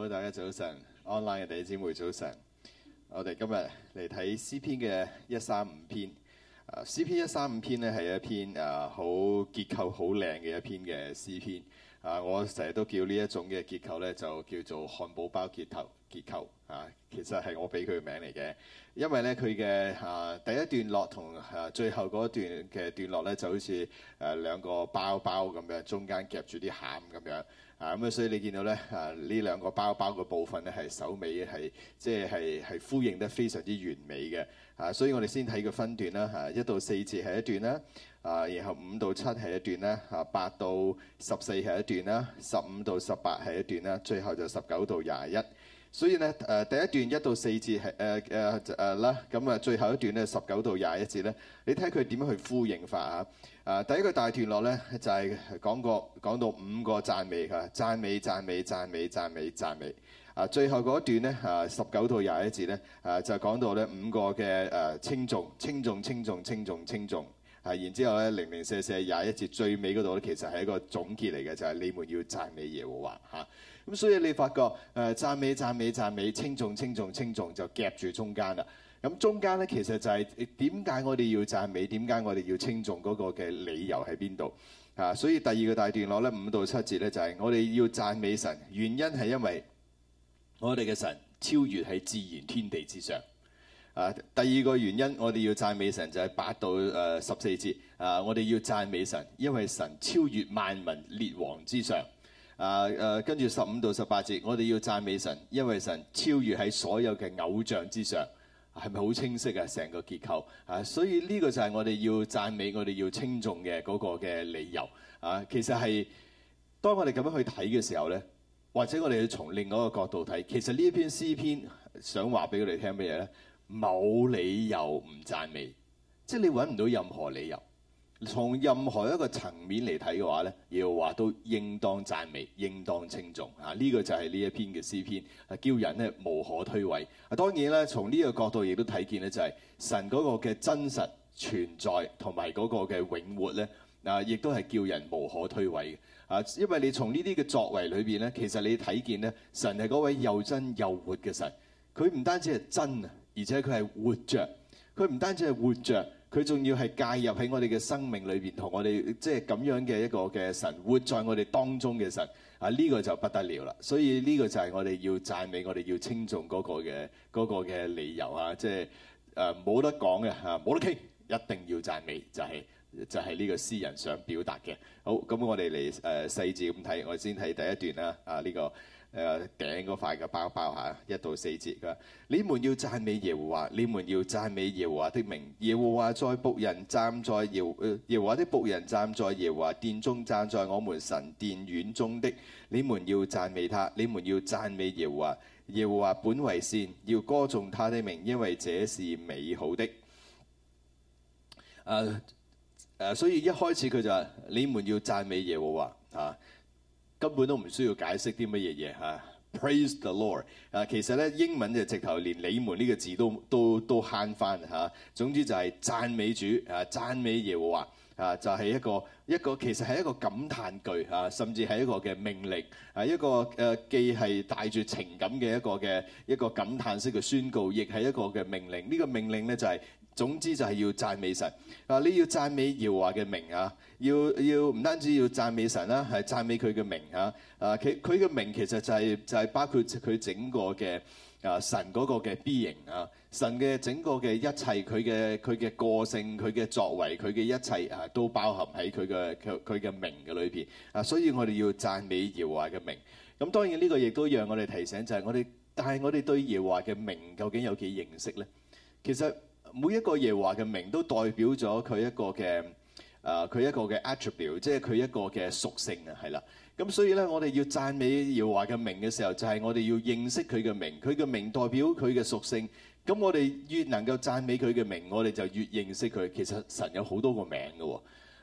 好，大家早晨，online 嘅弟兄姊妹早晨。我哋今日嚟睇詩篇嘅一三五篇。啊、呃、詩篇一三五篇咧係一篇啊、呃，好結構、好靚嘅一篇嘅詩篇。啊！我成日都叫呢一種嘅結構咧，就叫做漢堡包結構結構啊。其實係我俾佢嘅名嚟嘅，因為咧佢嘅啊第一段落同啊最後嗰一段嘅段落咧，就好似誒、啊、兩個包包咁樣，中間夾住啲餡咁樣啊。咁樣所以你見到咧啊呢兩個包包嘅部分咧，係首尾係即係係呼應得非常之完美嘅啊。所以我哋先睇個分段啦嚇、啊，一到四節係一段啦。啊，然後五到七係一段啦，啊八到十四係一段啦，十五到十八係一段啦，最後就十九到廿一。所以咧，誒、呃、第一段一到四節係誒誒誒啦，咁、呃、啊、呃呃呃、最後一段咧十九到廿一節咧，你睇佢點樣去呼應法嚇。啊，第一個大段落咧就係、是、講過講到五個讚美嘅讚美讚美讚美讚美讚美。啊，最後嗰一段咧啊十九到廿一節咧啊就講到咧五個嘅誒稱頌稱頌稱頌稱頌稱頌。係，然之後咧零零四四廿一節最尾嗰度咧，其實係一個總結嚟嘅，就係、是、你們要讚美耶和華嚇。咁、啊、所以你發覺誒讚、呃、美讚美讚美稱頌稱頌稱頌，重就夾住中間啦。咁、啊、中間咧其實就係點解我哋要讚美？點解我哋要稱頌嗰個嘅理由喺邊度？嚇、啊！所以第二個大段落咧五到七節咧就係、是、我哋要讚美神，原因係因為我哋嘅神超越喺自然天地之上。啊！第二個原因，我哋要讚美神就係八到誒十四節啊！我哋要讚美神，因為神超越萬民列王之上啊。誒，跟住十五到十八節，我哋要讚美神，因為神超越喺所有嘅偶像之上，係咪好清晰啊？成個結構啊，所以呢個就係我哋要讚美，我哋要稱頌嘅嗰個嘅理由啊。其實係當我哋咁樣去睇嘅時候呢，或者我哋要從另外一個角度睇，其實呢一篇詩篇想話俾佢哋聽乜嘢呢？冇理由唔讚美，即係你揾唔到任何理由，從任何一個層面嚟睇嘅話咧，要話都應當讚美，應當稱重啊！呢、這個就係呢一篇嘅詩篇，啊，叫人咧無可推諉。啊，當然啦，從呢個角度亦都睇見咧，就係、是、神嗰個嘅真實存在同埋嗰個嘅永活咧，嗱、啊、亦都係叫人無可推諉嘅啊！因為你從呢啲嘅作為裏邊咧，其實你睇見咧，神係嗰位又真又活嘅神，佢唔單止係真啊。而且佢係活着，佢唔單止係活着，佢仲要係介入喺我哋嘅生命裏邊，同我哋即係咁樣嘅一個嘅神活在我哋當中嘅神啊！呢個就不得了啦，所以呢個就係我哋要讚美，我哋要稱重嗰個嘅嗰個嘅理由啊！即係誒冇得講嘅，啊，冇得傾，一定要讚美，就係就係呢個詩人想表達嘅。好，咁我哋嚟誒細緻咁睇，我先睇第一段啦，啊呢個。誒頂嗰塊嘅包包嚇，一到四節㗎，你們要讚美耶和華，你們要讚美耶和華的名，耶和華在僕人站在耶耶和華的僕人站在耶和華殿中，站在我們神殿院中的，你們要讚美他，你們要讚美耶和華，耶和華本為善，要歌頌他的名，因為這是美好的。誒誒，所以一開始佢就話：你們要讚美耶和華嚇。Uh, 根本都唔需要解釋啲乜嘢嘢吓，Praise the Lord 啊！其實咧英文就直頭連你們呢個字都都都慳返吓。總之就係讚美主啊，讚美耶和華啊，就係一個一個其實係一個感嘆句啊，甚至係一個嘅命令啊，一個誒既係帶住情感嘅一個嘅一個感嘆式嘅宣告，亦係一個嘅命令。呢個命令咧就係。總之就係要讚美神啊！你要讚美耶和華嘅名啊！要要唔單止要讚美神啦，係讚美佢嘅名啊！啊，佢佢嘅名其實就係就係包括佢整個嘅啊神嗰個嘅 being 啊，神嘅整個嘅一切，佢嘅佢嘅個性，佢嘅作為，佢嘅一切啊，都包含喺佢嘅佢嘅名嘅裏邊啊！所以我哋要讚美耶和華嘅名。咁當然呢個亦都讓我哋提醒就係我哋，但係我哋對耶和華嘅名究竟有幾認識咧？其實。每一個耶和華嘅名都代表咗佢一個嘅，啊、呃、佢一個嘅 attribute，即係佢一個嘅屬性啊，係啦。咁所以咧，我哋要讚美耶和華嘅名嘅時候，就係、是、我哋要認識佢嘅名。佢嘅名代表佢嘅屬性。咁我哋越能夠讚美佢嘅名，我哋就越認識佢。其實神有好多個名嘅喎、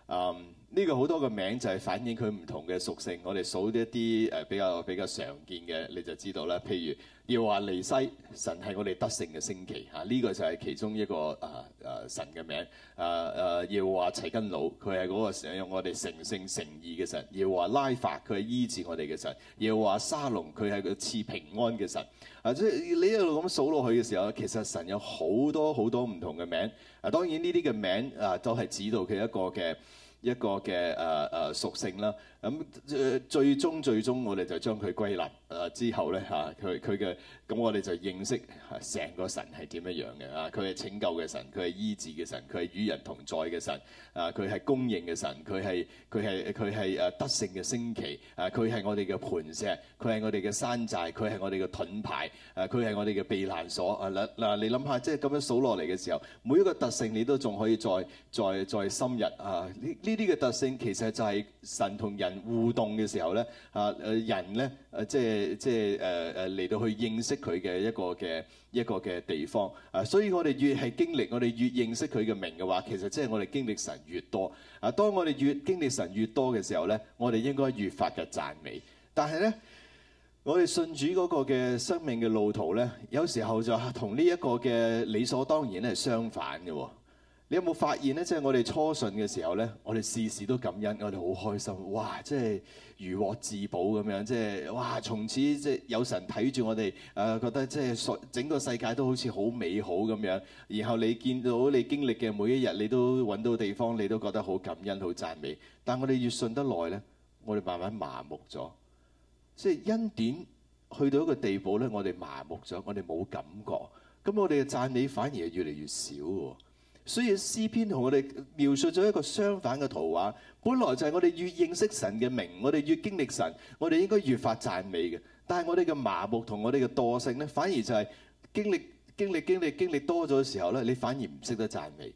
哦，呢、嗯呢個好多個名就係反映佢唔同嘅屬性。我哋數一啲誒比較比較常見嘅，你就知道啦。譬如，要話尼西，神係我哋得勝嘅聖旗，嚇，呢個就係其中一個啊啊、呃呃、神嘅名。啊啊又話齊根佬，佢係嗰個神用我哋成聖成義嘅神。要話拉法，佢係醫治我哋嘅神。要話沙龍，佢係個賜平安嘅神。啊，即係你一路咁數落去嘅時候，其實神有好多好多唔同嘅名。啊，當然呢啲嘅名啊都係指導佢一個嘅一個嘅誒誒屬性啦。咁誒最終最終我哋就將佢歸納誒之後咧，嚇，佢佢嘅，咁我哋就認識成個神係點樣樣嘅？啊，佢係拯救嘅神，佢係醫治嘅神，佢係與人同在嘅神，啊，佢係公認嘅神，佢係佢係佢係誒德性嘅升旗，啊，佢係我哋嘅磐石，佢係我哋嘅山寨，佢係我哋嘅盾牌，誒佢係我哋嘅避難所。啊，嗱，嗱，你諗下，即係咁樣數落嚟嘅時候，每一個特性你都仲可以再再再深入啊，呢呢啲嘅特性其實就係神同人。人互動嘅時候咧，啊，誒人咧，誒即係即係誒誒嚟到去認識佢嘅一個嘅一個嘅地方啊，所以我哋越係經歷，我哋越認識佢嘅名嘅話，其實即係我哋經歷神越多啊。當我哋越經歷神越多嘅時候咧，我哋應該越發嘅讚美。但係咧，我哋信主嗰個嘅生命嘅路途咧，有時候就同呢一個嘅理所當然咧係相反嘅喎。你有冇發現呢？即係我哋初信嘅時候呢，我哋事事都感恩，我哋好開心，哇！即係如獲至寶咁樣，即係哇！從此即係有神睇住我哋，誒、呃、覺得即係整個世界都好似好美好咁樣。然後你見到你經歷嘅每一日，你都搵到地方，你都覺得好感恩、好讚美。但我哋越信得耐呢，我哋慢慢麻木咗，即係恩典去到一個地步呢，我哋麻木咗，我哋冇感覺。咁我哋嘅讚美反而係越嚟越少。所以詩篇同我哋描述咗一個相反嘅圖畫，本來就係我哋越認識神嘅名，我哋越經歷神，我哋應該越發讚美嘅。但係我哋嘅麻木同我哋嘅惰性咧，反而就係經歷、經歷、經歷、經歷多咗嘅時候咧，你反而唔識得讚美。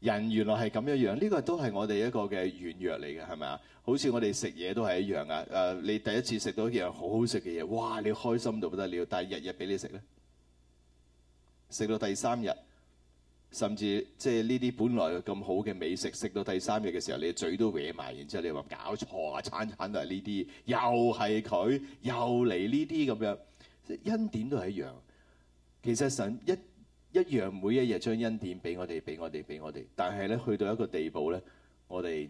人原來係咁一樣，呢個都係我哋一個嘅軟弱嚟嘅，係咪啊？好似我哋食嘢都係一樣啊！誒，你第一次食到一樣好好食嘅嘢，哇！你開心到不得了，但係日日俾你食咧，食到第三日。甚至即係呢啲本來咁好嘅美食，食到第三日嘅時候，你嘴都歪埋，然之後你話搞錯啊！餐餐都係呢啲，又係佢，又嚟呢啲咁樣，恩典都係一樣。其實神一一樣每一日將恩典俾我哋，俾我哋，俾我哋，但係咧去到一個地步咧，我哋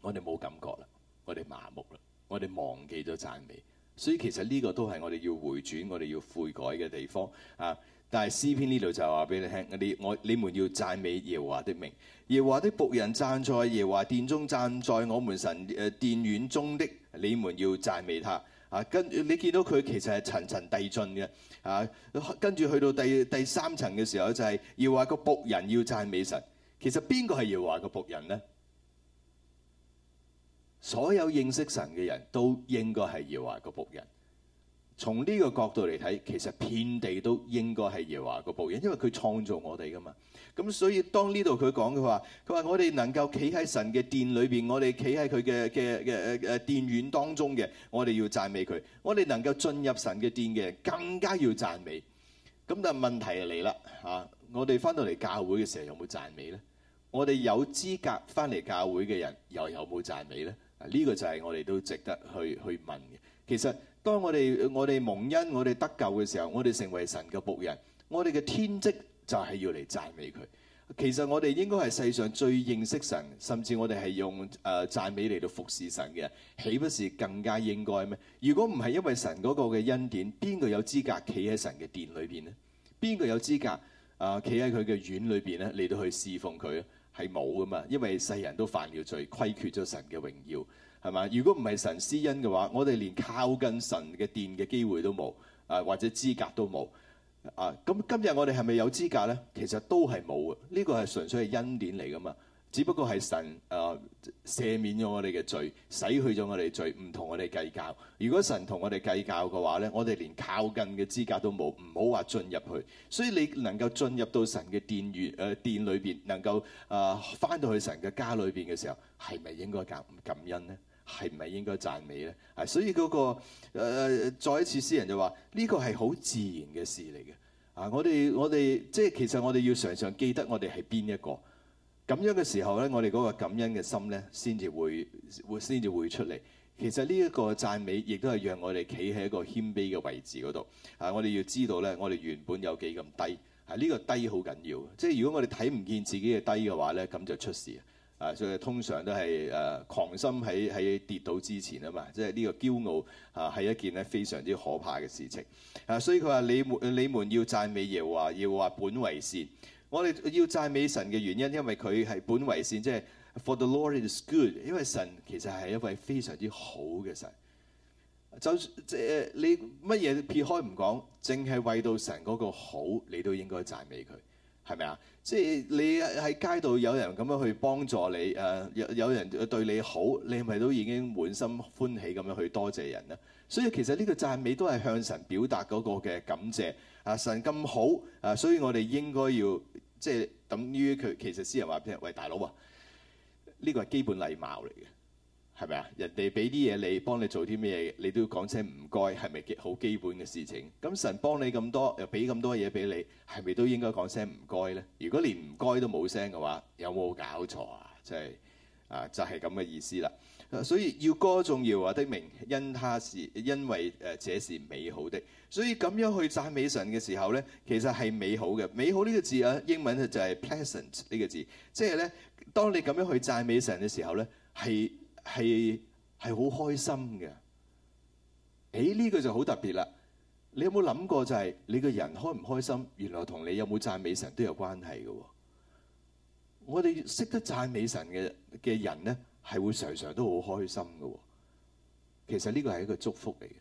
我哋冇感覺啦，我哋麻木啦，我哋忘記咗讚美。所以其實呢個都係我哋要回轉，我哋要悔改嘅地方啊！但係詩篇呢度就話俾你聽，啲我你們要讚美耶和華的名，耶和華的僕人站在耶和華殿中，站在我們神誒殿院中的，你們要讚美他啊！跟你見到佢其實係層層遞進嘅啊，跟住去到第第三層嘅時候就係、是，耶和華個僕人要讚美神，其實邊個係耶和華個僕人呢？所有認識神嘅人都應該係耶和華個僕人。從呢個角度嚟睇，其實遍地都應該係耶華個報應，因為佢創造我哋噶嘛。咁所以當呢度佢講嘅話，佢話我哋能夠企喺神嘅殿裏邊，我哋企喺佢嘅嘅嘅嘅殿院當中嘅，我哋要讚美佢。我哋能夠進入神嘅殿嘅人更加要讚美。咁但係問題就嚟啦嚇，我哋翻到嚟教會嘅時候有冇讚美咧？我哋有資格翻嚟教會嘅人又有冇讚美咧？呢個就係我哋都值得去去問嘅。其實。當我哋我哋蒙恩，我哋得救嘅時候，我哋成為神嘅僕人，我哋嘅天職就係要嚟讚美佢。其實我哋應該係世上最認識神，甚至我哋係用誒讚美嚟到服侍神嘅，豈不是更加應該咩？如果唔係因為神嗰個嘅恩典，邊個有資格企喺神嘅殿裏邊咧？邊個有資格啊？企喺佢嘅院裏邊咧，嚟到去侍奉佢，係冇噶嘛？因為世人都犯了罪，虧缺咗神嘅榮耀。係嘛？如果唔係神施恩嘅話，我哋連靠近神嘅殿嘅機會都冇，啊或者資格都冇。啊咁今日我哋係咪有資格咧？其實都係冇嘅。呢個係純粹係恩典嚟噶嘛。只不過係神啊、呃、赦免咗我哋嘅罪，洗去咗我哋罪，唔同我哋計較。如果神同我哋計較嘅話咧，我哋連靠近嘅資格都冇，唔好話進入去。所以你能夠進入到神嘅殿完誒、呃、殿裏邊，能夠啊翻到去神嘅家裏邊嘅時候，係咪應該感感恩呢？係唔係應該讚美咧？啊，所以嗰個誒、呃、再一次，詩人就話：呢個係好自然嘅事嚟嘅。啊，我哋我哋即係其實我哋要常常記得我哋係邊一個咁樣嘅時候咧，我哋嗰個感恩嘅心咧，先至會會先至會出嚟。其實呢一個讚美，亦都係讓我哋企喺一個謙卑嘅位置嗰度。啊，我哋要知道咧，我哋原本有幾咁低。啊，呢個低好緊要。即係如果我哋睇唔見自己嘅低嘅話咧，咁就出事。啊，所以通常都係誒、啊、狂心喺喺跌倒之前啊嘛，即係呢個驕傲啊係一件咧非常之可怕嘅事情。啊，所以佢話你們你們要讚美耶和華，要話本為善。我哋要讚美神嘅原因，因為佢係本為善，即係 For the Lord is good，因為神其實係一位非常之好嘅神。就即係你乜嘢撇開唔講，淨係為到神嗰個好，你都應該讚美佢，係咪啊？即係你喺街度有人咁樣去幫助你，誒有有人對你好，你係咪都已經滿心歡喜咁樣去多謝人啦。所以其實呢個讚美都係向神表達嗰個嘅感謝啊，神咁好啊，所以我哋應該要即係、就是、等於佢其實私人話畀人喂，大佬啊，呢、這個係基本禮貌嚟嘅。係咪啊？人哋俾啲嘢你，幫你做啲咩嘢？你都要講聲唔該，係咪好基本嘅事情？咁神幫你咁多，又俾咁多嘢俾你，係咪都應該講聲唔該呢。如果連唔該都冇聲嘅話，有冇搞錯啊？即係啊，就係咁嘅意思啦。所以要歌頌啊，他的名因他是因為誒這是美好的，所以咁樣去讚美神嘅時候呢，其實係美好嘅。美好呢個字啊，英文就係 pleasant 呢個字，即係呢，當你咁樣去讚美神嘅時候呢，係。係係好開心嘅。誒呢個就好特別啦。你有冇諗過就係你個人開唔開心，原來同你有冇讚美神都有關係嘅喎。我哋識得讚美神嘅嘅人咧，係會常常都好開心嘅喎。其實呢個係一個祝福嚟嘅。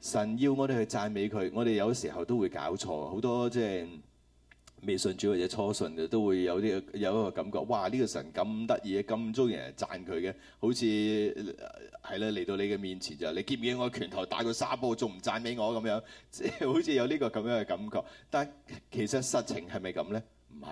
神要我哋去讚美佢，我哋有時候都會搞錯好多，即係。未信主或者初信都會有啲、這個、有一個感覺，哇！呢、這個神咁得意，咁鍾意人讚佢嘅，好似係啦，嚟到你嘅面前就你見唔見我拳頭大過沙煲，仲唔讚美我咁樣？即係好似有呢、這個咁樣嘅感覺。但其實實情係咪咁咧？唔係，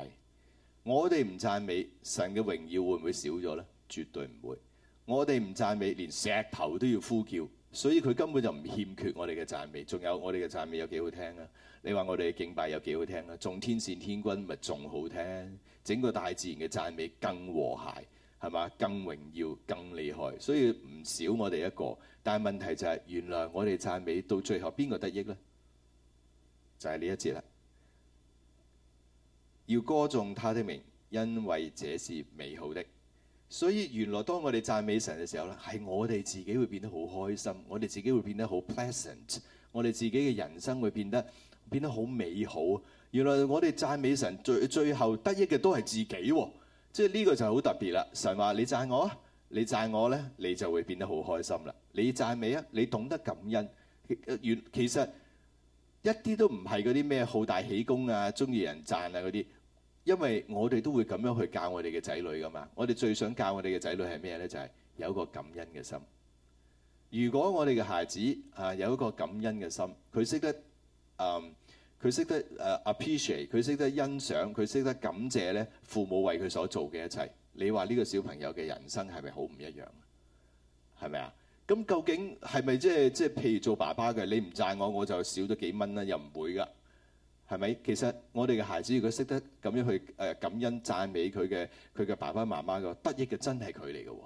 我哋唔讚美神嘅榮耀會唔會少咗咧？絕對唔會。我哋唔讚美，連石頭都要呼叫，所以佢根本就唔欠缺我哋嘅讚美。仲有我哋嘅讚美有幾好聽啊！你話我哋敬拜有幾好聽啦？仲天線天君咪仲好聽，整個大自然嘅讚美更和諧，係嘛？更榮耀、更厲害，所以唔少我哋一個。但係問題就係，原來我哋讚美到最後邊個得益呢？就係呢一節啦。要歌頌他的名，因為這是美好的。所以原來當我哋讚美神嘅時候咧，係我哋自己會變得好開心，我哋自己會變得好 pleasant。我哋自己嘅人生會變得變得好美好。原來我哋讚美神最最後得益嘅都係自己，哦，即係呢個就好特別啦。神話你讚我，你讚我呢，你就會變得好開心啦。你讚美啊，你懂得感恩。其實一啲都唔係嗰啲咩好大喜功啊，鍾意人讚啊嗰啲。因為我哋都會咁樣去教我哋嘅仔女噶嘛。我哋最想教我哋嘅仔女係咩呢？就係、是、有一個感恩嘅心。如果我哋嘅孩子啊，有一個感恩嘅心，佢識得嗯佢識得誒 uh, appreciate，佢識得欣賞，佢識得感謝咧父母為佢所做嘅一切，你話呢個小朋友嘅人生係咪好唔一樣？係咪啊？咁究竟係咪即係即係譬如做爸爸嘅，你唔讚我我就少咗幾蚊啦，又唔會噶，係咪？其實我哋嘅孩子如果識得咁樣去誒感恩讚美佢嘅佢嘅爸爸媽媽嘅得益嘅真係佢嚟嘅。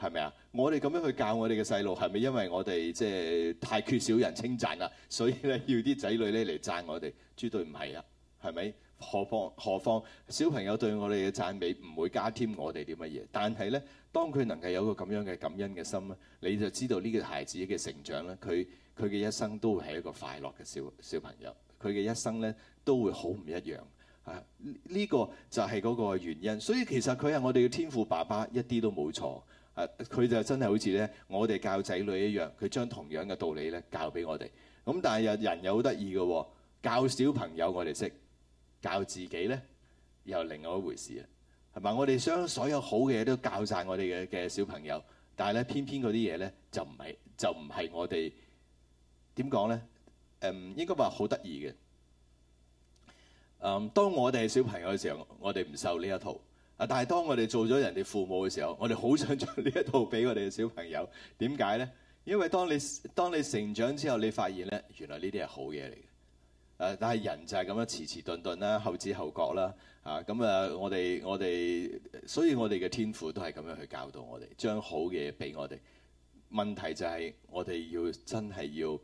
係咪啊？我哋咁樣去教我哋嘅細路，係咪因為我哋即係太缺少人稱讚啦？所以咧要啲仔女咧嚟讚我哋，絕對唔係啊。係咪？何況何況小朋友對我哋嘅讚美唔會加添我哋啲乜嘢，但係咧當佢能夠有個咁樣嘅感恩嘅心咧，你就知道呢個孩子嘅成長咧，佢佢嘅一生都會係一個快樂嘅小小朋友，佢嘅一生咧都會好唔一樣啊！呢個就係嗰個原因，所以其實佢係我哋嘅天父爸爸，一啲都冇錯。誒佢就真係好似咧，我哋教仔女一樣，佢將同樣嘅道理咧教俾我哋。咁但係有人又好得意嘅喎，教小朋友我哋識，教自己咧又另外一回事啊，係咪？我哋將所有好嘅嘢都教曬我哋嘅嘅小朋友，但係咧偏偏嗰啲嘢咧就唔係就唔係我哋點講咧？誒應該話好得意嘅。誒當我哋係小朋友嘅時候，我哋唔受呢一套。啊！但係當我哋做咗人哋父母嘅時候，我哋好想將呢一套俾我哋嘅小朋友。點解呢？因為當你當你成長之後，你發現呢原來呢啲係好嘢嚟嘅。但係人就係咁樣遲遲頓頓啦、後知後覺啦。啊，咁誒、啊啊，我哋我哋，所以我哋嘅天父都係咁樣去教導我哋，將好嘢俾我哋。問題就係我哋要真係要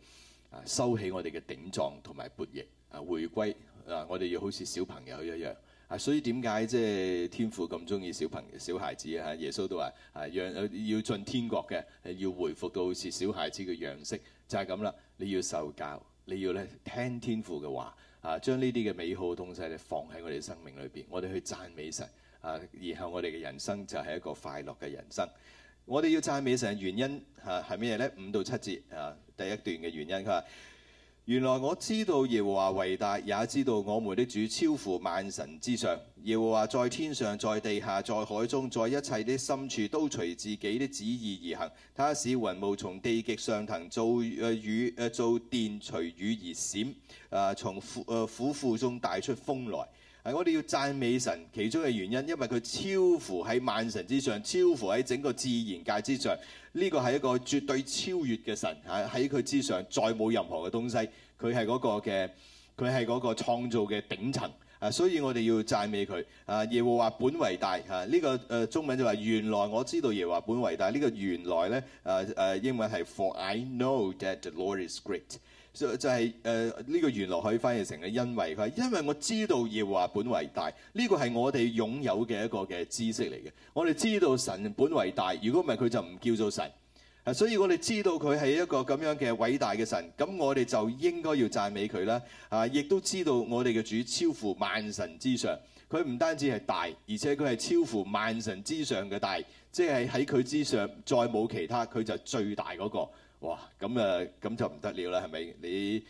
收起我哋嘅頂撞同埋悖逆，啊，迴歸啊，我哋要好似小朋友一樣。啊，所以點解即係天父咁中意小朋小孩子啊？耶穌都話：啊，讓要，要進天國嘅，要回復到好似小孩子嘅樣式，就係咁啦。你要受教，你要咧聽天父嘅話，啊，將呢啲嘅美好東西咧放喺我哋生命裏邊，我哋去讚美神啊，然後我哋嘅人生就係一個快樂嘅人生。我哋要讚美神嘅原因嚇係咩咧？五、啊、到七節啊，第一段嘅原因佢話。原來我知道耶和華為大，也知道我們的主超乎萬神之上。耶和華在天上，在地下，在海中，在一切的深處都隨自己的旨意而行。他使雲霧從地極上騰造誒雨誒造電隨雨而閃、呃，從從府庫中帶出風來。係我哋要讚美神，其中嘅原因，因為佢超乎喺萬神之上，超乎喺整個自然界之上。呢個係一個絕對超越嘅神嚇，喺佢之上再冇任何嘅東西。佢係嗰個嘅，佢係嗰個創造嘅頂層。啊，所以我哋要讚美佢。啊，耶和華本為大嚇，呢個誒中文就話原來我知道耶和華本為大。呢個原來咧誒誒英文係 For I know that the Lord is great。就就係呢個原來可以翻譯成係因為佢，因為我知道耶和華本為大，呢個係我哋擁有嘅一個嘅知識嚟嘅。我哋知道神本為大，如果唔係佢就唔叫做神。啊，所以我哋知道佢係一個咁樣嘅偉大嘅神，咁我哋就應該要讚美佢啦。啊，亦都知道我哋嘅主超乎萬神之上，佢唔單止係大，而且佢係超乎萬神之上嘅大，即係喺佢之上再冇其他，佢就最大嗰個。哇！咁誒咁就唔得了啦，係咪？你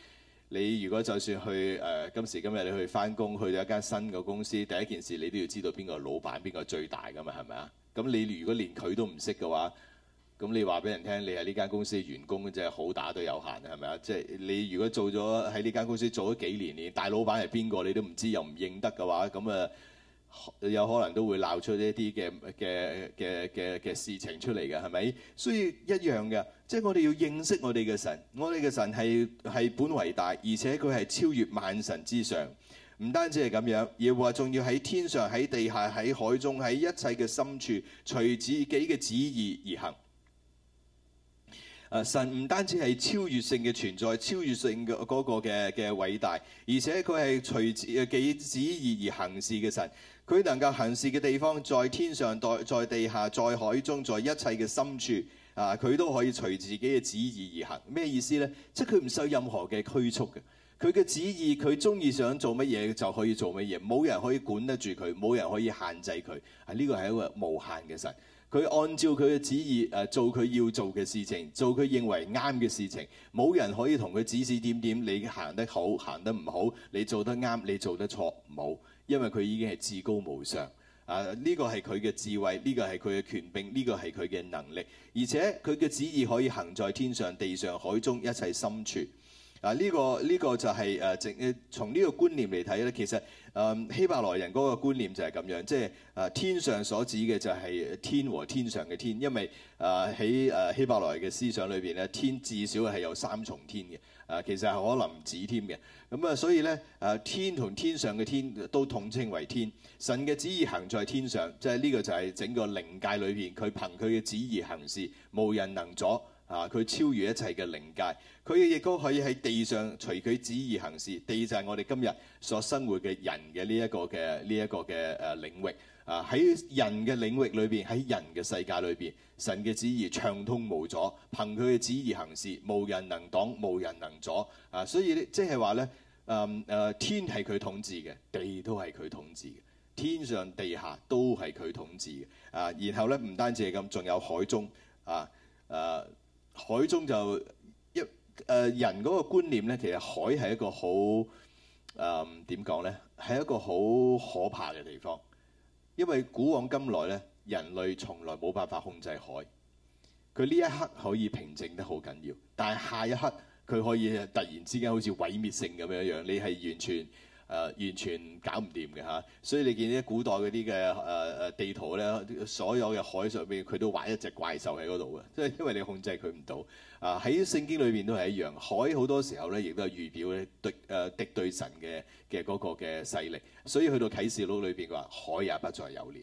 你如果就算去誒今時今日你去翻工，去到一間新嘅公司，第一件事你都要知道邊個係老闆，邊個最大噶嘛，係咪啊？咁你如果連佢都唔識嘅話，咁你話俾人聽，你係呢間公司嘅員工，真係好打都有限，係咪啊？即係你如果做咗喺呢間公司做咗幾年，連大老闆係邊個你都唔知又唔認得嘅話，咁誒有可能都會鬧出呢一啲嘅嘅嘅嘅嘅事情出嚟嘅，係咪？所以一樣嘅。即係我哋要認識我哋嘅神，我哋嘅神係係本為大，而且佢係超越萬神之上。唔單止係咁樣，耶和華仲要喺天上、喺地下、喺海中、喺一切嘅深處，隨自己嘅旨意而行。誒，神唔單止係超越性嘅存在，超越性嘅嗰個嘅嘅偉大，而且佢係隨自己旨意而行事嘅神。佢能夠行事嘅地方，在天上、在在地下、在海中、在一切嘅深處。啊！佢都可以隨自己嘅旨意而行，咩意思呢？即係佢唔受任何嘅拘束嘅，佢嘅旨意，佢中意想做乜嘢就可以做乜嘢，冇人可以管得住佢，冇人可以限制佢。啊！呢、呢個係一個無限嘅神，佢按照佢嘅旨意誒、啊、做佢要做嘅事情，做佢認為啱嘅事情，冇人可以同佢指指點點你行得好行得唔好，你做得啱你做得錯唔好，因為佢已經係至高無上。啊！呢個係佢嘅智慧，呢個係佢嘅權柄，呢個係佢嘅能力，而且佢嘅旨意可以行在天上、地上、海中一切深處。啊！呢、這個呢、這個就係誒整誒從呢個觀念嚟睇咧，其實誒、呃、希伯來人嗰個觀念就係咁樣，即係誒、呃、天上所指嘅就係天和天上嘅天，因為誒喺誒希伯來嘅思想裏邊咧，天至少係有三重天嘅。誒、呃、其實係可能唔止天嘅。咁、呃、啊，所以咧誒、呃、天同天上嘅天都統稱為天。神嘅旨意行在天上，即係呢個就係整個靈界裏邊佢憑佢嘅旨意行事，無人能阻。啊！佢超越一切嘅靈界，佢亦都可以喺地上隨佢旨意行事。地就係我哋今日所生活嘅人嘅呢一個嘅呢一個嘅誒領域。啊！喺人嘅領域裏邊，喺人嘅世界裏邊，神嘅旨意暢通無阻，憑佢嘅旨意行事，無人能擋，無人能阻。啊！所以呢，即係話呢誒誒、嗯呃，天係佢統治嘅，地都係佢統治嘅，天上地下都係佢統治嘅。啊！然後呢，唔單止係咁，仲有海中啊誒。啊啊海中就一誒、呃、人嗰個觀念咧，其實海係一個好誒點講咧，係、呃、一個好可怕嘅地方，因為古往今來咧，人類從來冇辦法控制海。佢呢一刻可以平靜得好緊要，但係下一刻佢可以突然之間好似毀滅性咁樣樣，你係完全。誒完全搞唔掂嘅嚇，所以你見啲古代嗰啲嘅誒誒地圖咧，所有嘅海上邊佢都畫一隻怪獸喺嗰度嘅，即係因為你控制佢唔到。啊，喺聖經裏邊都係一樣，海好多時候咧亦都係預表咧敵誒敵對神嘅嘅嗰個嘅勢力，所以去到啟示錄裏邊話海也不再有了，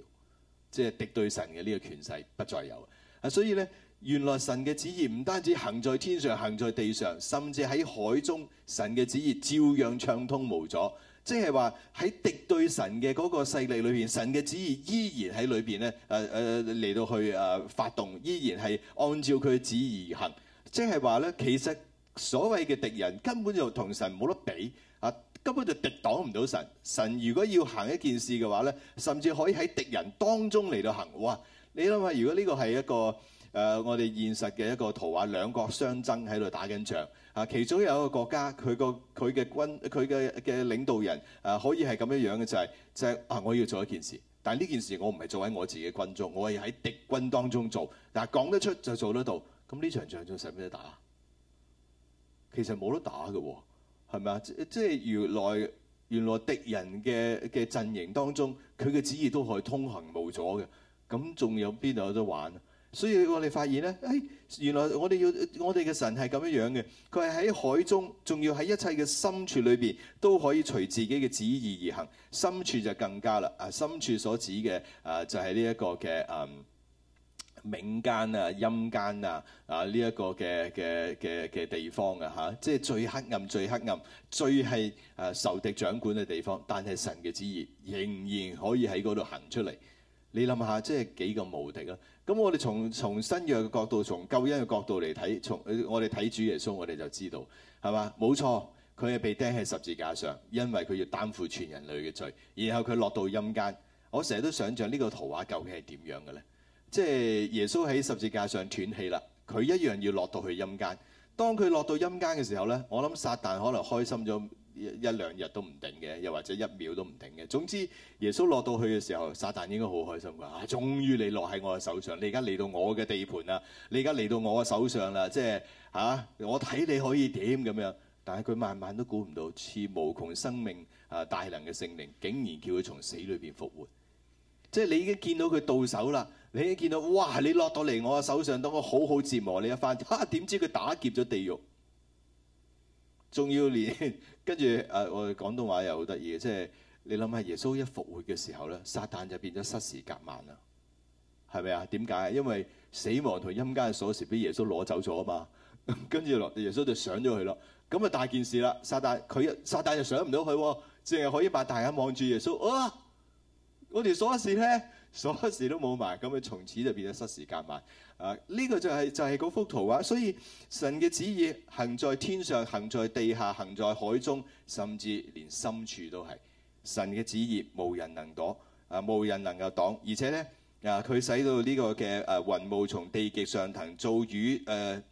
即係敵對神嘅呢個權勢不再有。啊，所以咧原來神嘅旨意唔單止行在天上，行在地上，甚至喺海中，神嘅旨意照樣暢通無阻。即係話喺敵對神嘅嗰個勢力裏邊，神嘅旨意依然喺裏邊咧，誒誒嚟到去誒、呃、發動，依然係按照佢旨意而行。即係話咧，其實所謂嘅敵人根本就同神冇得比啊，根本就敵擋唔到神。神如果要行一件事嘅話咧，甚至可以喺敵人當中嚟到行。哇！你諗下，如果呢個係一個誒、呃、我哋現實嘅一個圖畫，兩國相爭喺度打緊仗。啊，其中有一個國家，佢個佢嘅軍佢嘅嘅領導人，誒可以係咁樣樣嘅就係就係啊，我要做一件事，但係呢件事我唔係做喺我自己軍中，我係喺敵軍當中做。嗱，講得出就做得到，咁呢場仗仲使唔使打啊？其實冇得打嘅喎、哦，係咪啊？即係原來原來敵人嘅嘅陣營當中，佢嘅旨意都可以通行無阻嘅，咁仲有邊度有得玩啊？所以我哋發現咧，哎，原來我哋要我哋嘅神係咁樣樣嘅。佢係喺海中，仲要喺一切嘅深處裏邊都可以隨自己嘅旨意而行。深處就更加啦。啊，深處所指嘅、呃就是嗯、啊，就係呢一個嘅嗯冥間啊、陰間啊啊呢一個嘅嘅嘅嘅地方嘅、啊、嚇，即係最黑暗、最黑暗、最係啊仇敵掌管嘅地方。但係神嘅旨意仍然可以喺嗰度行出嚟。你諗下，即係幾咁無敵啊！咁我哋從從新約嘅角度，從救恩嘅角度嚟睇，從我哋睇主耶穌，我哋就知道係嘛，冇錯，佢係被釘喺十字架上，因為佢要擔負全人類嘅罪，然後佢落到陰間。我成日都想像呢個圖畫究竟係點樣嘅咧？即係耶穌喺十字架上斷氣啦，佢一樣要落到去陰間。當佢落到陰間嘅時候咧，我諗撒旦可能開心咗。一，一兩日都唔定嘅，又或者一秒都唔定嘅。總之，耶穌落到去嘅時候，撒但應該好開心㗎。嚇！終於你落喺我嘅手上，你而家嚟到我嘅地盤啦，你而家嚟到我嘅手上啦。即係嚇，我睇你可以點咁樣？但係佢萬萬都估唔到，似無窮生命啊大能嘅聖靈，竟然叫佢從死裏邊復活。即係你已經見到佢到手啦，你已經見到哇！你落到嚟我嘅手上，等我好好折磨你一番。嚇！點知佢打劫咗地獄。仲要連跟住誒，我哋廣東話又好得意嘅，即係你諗下耶穌一復活嘅時候咧，撒旦就變咗失匙夾萬啦，係咪啊？點解？因為死亡同陰間嘅鎖匙俾耶穌攞走咗啊嘛，跟住落嚟耶穌就上咗去咯。咁啊大件事啦，撒旦佢啊，撒旦就上唔到去，淨係可以擘大眼望住耶穌啊！嗰條鎖匙咧～所有事都冇埋，咁佢從此就變咗失時夾埋。啊，呢、這個就係、是、就係、是、嗰幅圖畫。所以神嘅旨意行在天上，行在地下，行在海中，甚至連深處都係神嘅旨意，無人能躲，啊，無人能夠擋。而且呢，啊，佢使到呢個嘅誒雲霧從地極上騰，造雨誒、啊，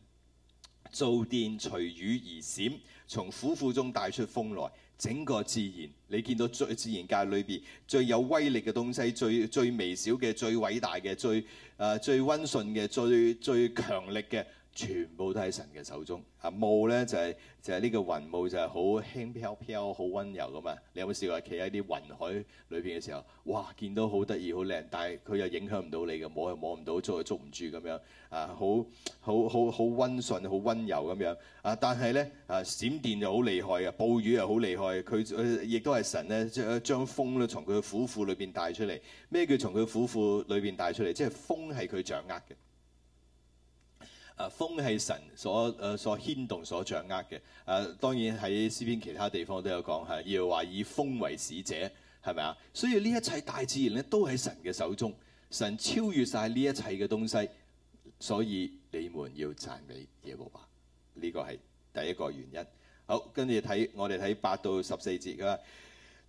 造電隨雨而閃，從府庫中帶出風來。整個自然，你見到最自然界裏邊最有威力嘅東西，最最微小嘅、最偉大嘅、最誒、呃、最温順嘅、最最強力嘅。全部都喺神嘅手中。啊霧咧就係、是、就係、是、呢個雲霧就係好輕飄飄、好温柔咁啊！你有冇試過企喺啲雲海裏邊嘅時候，哇！見到好得意、好靚，但係佢又影響唔到你嘅，摸又摸唔到，捉又捉唔住咁樣啊！好好好好温順、好温柔咁樣啊！但係咧啊，閃電就好厲害啊，暴雨又好厲害。佢亦都係神咧，將將風咧從佢嘅府庫裏邊帶出嚟。咩叫從佢府庫裏邊帶出嚟？即係風係佢掌握嘅。啊，風係神所誒、呃、所牽動、所掌握嘅。誒、啊，當然喺詩篇其他地方都有講，係要話以風為使者，係咪啊？所以呢一切大自然咧都喺神嘅手中，神超越晒呢一切嘅東西，所以你們要讚美耶和華。呢、呢個係第一個原因。好，跟住睇，我哋睇八到十四節嘅。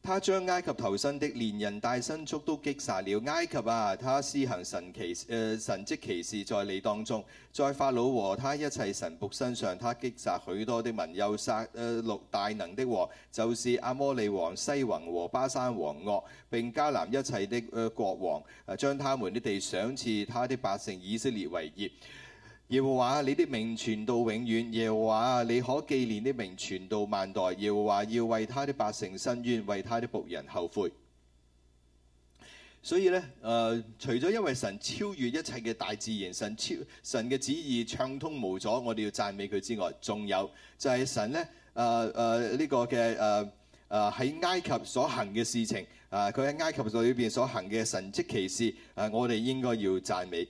他將埃及頭生的連人帶牲畜都擊殺了。埃及啊，他施行神奇誒、呃、神蹟奇事在你當中，在法老和他一切臣僕身上，他擊殺許多的民，又殺誒六大能的王，就是亞摩利王西宏和巴珊王惡，並迦南一切的誒、呃、國王，誒、啊、將他們的地賞賜他的百姓以色列為業。耶和華，你的名傳到永遠；耶和華，你可紀念的名傳到萬代；耶和華，要為他的百姓申冤，為他的僕人後悔。所以咧，誒、呃，除咗因為神超越一切嘅大自然，神超神嘅旨意暢通無阻，我哋要讚美佢之外，仲有就係、是、神咧，誒誒呢個嘅誒誒喺埃及所行嘅事情，啊、呃，佢喺埃及裏邊所行嘅神蹟奇事，啊、呃，我哋應該要讚美。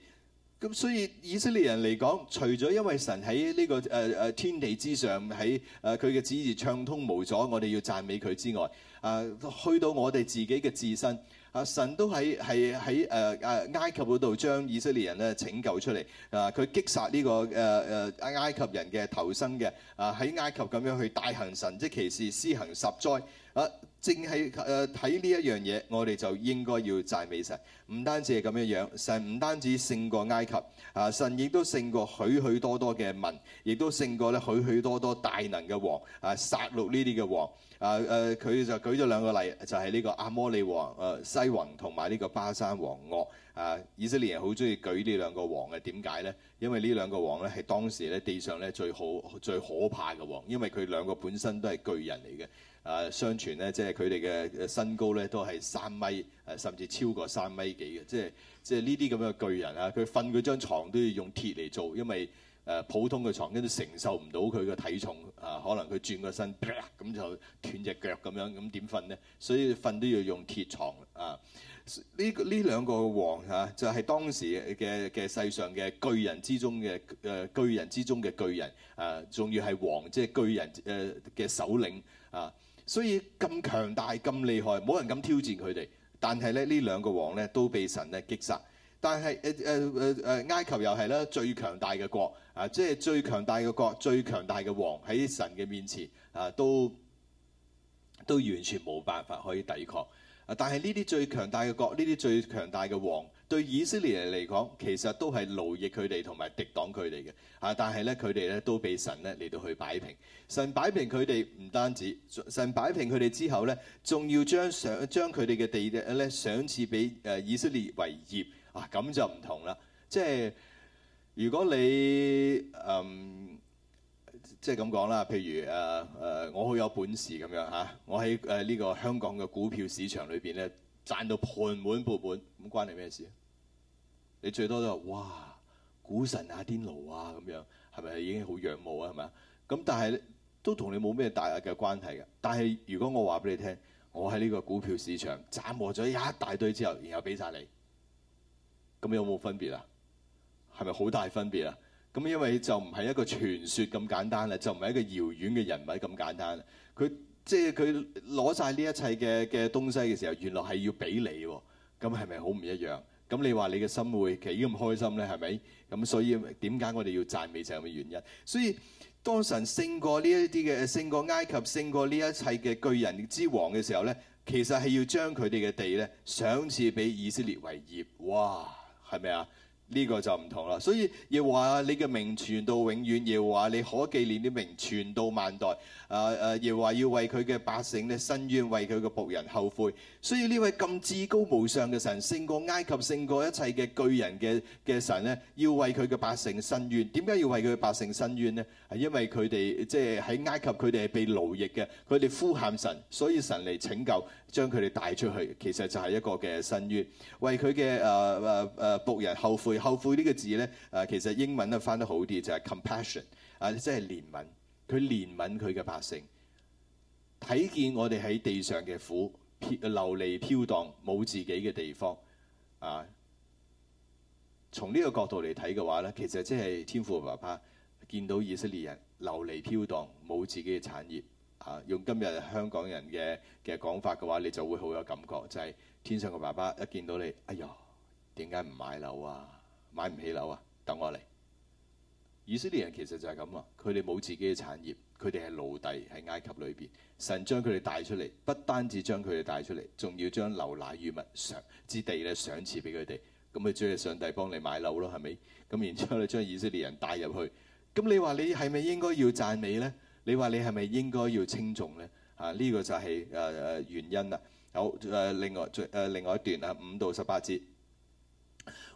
咁、嗯、所以以色列人嚟講，除咗因為神喺呢、這個誒誒、呃、天地之上，喺誒佢嘅旨意暢通無阻，我哋要讚美佢之外，誒、呃、去到我哋自己嘅自身，啊、呃、神都喺係喺誒誒埃及嗰度將以色列人咧拯救出嚟，啊佢擊殺呢個誒誒、呃、埃及人嘅頭生嘅，啊喺埃及咁樣去大行神蹟奇事，施行十災。啊，正係誒睇呢一樣嘢，我哋就應該要讚美神。唔單止係咁樣樣，神唔單止勝過埃及，啊神亦都勝過許許多多嘅民，亦都勝過咧許許多多大能嘅王，啊殺戮呢啲嘅王。啊誒，佢、呃、就舉咗兩個例，就係、是、呢個亞摩利王誒、啊、西宏同埋呢個巴珊王惡。啊！以色列人好中意舉呢兩個王嘅，點解呢？因為呢兩個王呢，係當時呢地上呢最好最可怕嘅王，因為佢兩個本身都係巨人嚟嘅。啊，相傳呢，即係佢哋嘅身高呢，都係三米、啊，甚至超過三米幾嘅。即係即係呢啲咁嘅巨人啊！佢瞓佢張牀都要用鐵嚟做，因為、啊、普通嘅床根本承受唔到佢嘅體重啊。可能佢轉個身，咁、呃、就斷隻腳咁樣，咁點瞓呢？所以瞓都要用鐵床。啊。呢呢兩個王嚇，就係當時嘅嘅世上嘅巨人之中嘅誒巨人之中嘅巨人啊，仲要係王，即係巨人誒嘅首領啊，所以咁強大、咁厲害，冇人敢挑戰佢哋。但係咧，呢兩個王咧都被神咧擊殺。但係誒誒誒誒，埃及又係啦，最強大嘅國啊，即係最強大嘅國、最強大嘅王喺神嘅面前啊，都都完全冇辦法可以抵抗。但係呢啲最強大嘅國，呢啲最強大嘅王，對以色列人嚟講，其實都係奴役佢哋同埋敵擋佢哋嘅啊！但係咧，佢哋咧都俾神咧嚟到去擺平神擺平佢哋，唔單止神擺平佢哋之後咧，仲要將上將佢哋嘅地咧賞賜俾誒以色列為業啊！咁就唔同啦。即係如果你嗯。即係咁講啦，譬如誒誒、呃呃，我好有本事咁樣嚇、啊，我喺誒呢個香港嘅股票市場裏邊咧賺到盆滿缽滿，咁關你咩事？你最多都話哇，股神阿 Adino 啊咁、啊、樣，係咪已經好仰慕啊？係咪啊？咁但係都同你冇咩大嘅關係嘅。但係如果我話俾你聽，我喺呢個股票市場斬獲咗一大堆之後，然後俾晒你，咁有冇分別啊？係咪好大分別啊？咁因為就唔係一個傳說咁簡單啦，就唔係一個遙遠嘅人物咁簡單。佢即係佢攞晒呢一切嘅嘅東西嘅時候，原來係要俾你喎。咁係咪好唔一樣？咁你話，你嘅心會幾咁開心咧？係咪？咁所以點解我哋要讚美神嘅原因？所以當神勝過呢一啲嘅勝過埃及、勝過呢一切嘅巨人之王嘅時候咧，其實，係要將佢哋嘅地咧賞賜俾以色列為業，哇，係咪啊？呢個就唔同啦，所以要話你嘅名傳到永遠，要話你可紀念啲名傳到萬代，誒、呃、誒，話要，要為佢嘅百姓咧伸冤，為佢嘅僕人後悔。所以呢位咁至高無上嘅神，勝過埃及，勝過一切嘅巨人嘅嘅神咧，要為佢嘅百姓伸冤。點解要為佢嘅百姓伸冤呢？係因為佢哋即係喺埃及，佢哋係被奴役嘅，佢哋呼喊神，所以神嚟拯救，將佢哋帶出去。其實就係一個嘅伸冤，為佢嘅誒誒誒僕人後悔，後悔呢個字咧誒、呃，其實英文咧翻得好啲就係、是、compassion 啊、呃，即係憐憫佢，憐憫佢嘅百姓，睇見我哋喺地上嘅苦。流離飄蕩冇自己嘅地方，啊！從呢個角度嚟睇嘅話呢，其實即係天父爸爸見到以色列人流離飄蕩冇自己嘅產業，啊！用今日香港人嘅嘅講法嘅話，你就會好有感覺，就係天上嘅爸爸一見到你，哎呀，點解唔買樓啊？買唔起樓啊？等我嚟。以色列人其實就係咁啊，佢哋冇自己嘅產業，佢哋係奴隸喺埃及裏邊。神將佢哋帶出嚟，不單止將佢哋帶出嚟，仲要將流奶與蜜上之地咧，賞賜俾佢哋。咁咪即係上帝幫你買樓咯，係咪？咁然之後你將以色列人帶入去。咁你話你係咪應該要讚美呢？你話你係咪應該要稱頌呢？啊，呢、這個就係誒誒原因啦。好，誒、呃、另外最誒、呃、另外一段係五、啊、到十八節。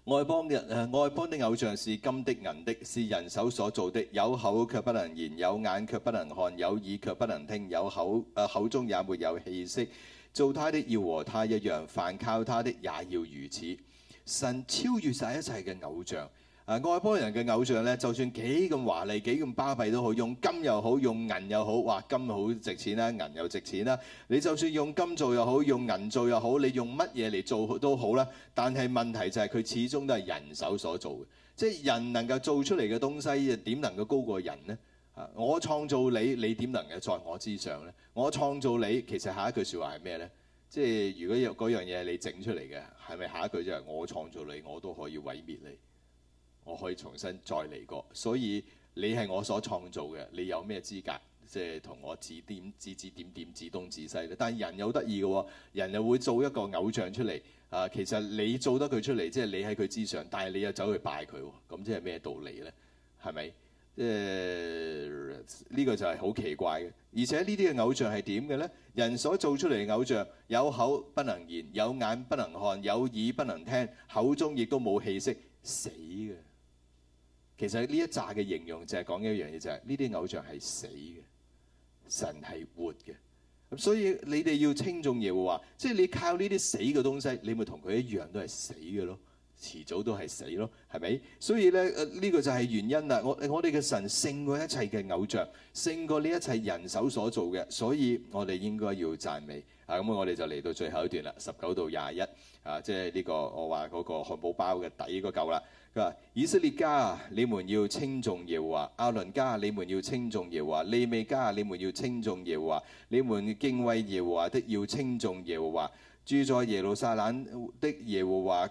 外邦人，外邦的偶像是金的銀的，是人手所做的。有口卻不能言，有眼卻不能看，有耳卻不能聽，有口，啊、呃、口中也沒有氣息。做他的要和他一樣，凡靠他的也要如此。神超越曬一切嘅偶像。嗱，外、啊、邦人嘅偶像咧，就算幾咁華麗、幾咁巴閉都好，用金又好，用銀又好，哇，金好值錢啦，銀又值錢啦、啊。你就算用金做又好，用銀做又好，你用乜嘢嚟做都好啦。但係問題就係、是、佢始終都係人手所做嘅，即係人能夠做出嚟嘅東西，又點能夠高過人呢？啊，我創造你，你點能夠在我之上呢？我創造你，其實下一句説話係咩呢？即係如果若嗰樣嘢係你整出嚟嘅，係咪下一句就係我創造你，我都可以毀滅你？我可以重新再嚟過，所以你係我所創造嘅，你有咩資格即係同我指點指指點點指東指西咧？但係人有得意嘅喎，人又會做一個偶像出嚟啊！其實你做得佢出嚟，即係你喺佢之上，但係你又走去拜佢喎、哦，咁即係咩道理呢？係咪？誒、呃、呢、呢個就係好奇怪嘅，而且呢啲嘅偶像係點嘅呢？人所做出嚟嘅偶像，有口不能言，有眼不能看，有耳不能聽，口中亦都冇氣息，死嘅。其實呢一扎嘅形容就係講一樣嘢、就是，就係呢啲偶像係死嘅，神係活嘅。咁所以你哋要稱頌耶和華，即係你靠呢啲死嘅東西，你咪同佢一樣都係死嘅咯，遲早都係死咯，係咪？所以咧，呢、呃呢個就係原因啦。我我哋嘅神勝過一切嘅偶像，勝過呢一切人手所做嘅，所以我哋應該要讚美。啊，咁我哋就嚟到最後一段啦，十九到廿一啊，即係呢、呢個我話嗰個漢堡包嘅底都夠啦。以色列家你們要稱頌耶和華；亞倫家你們要稱頌耶和華；利未家你們要稱頌耶和華；你們敬畏耶和華的要稱頌耶和華。住在耶路撒冷的耶和華，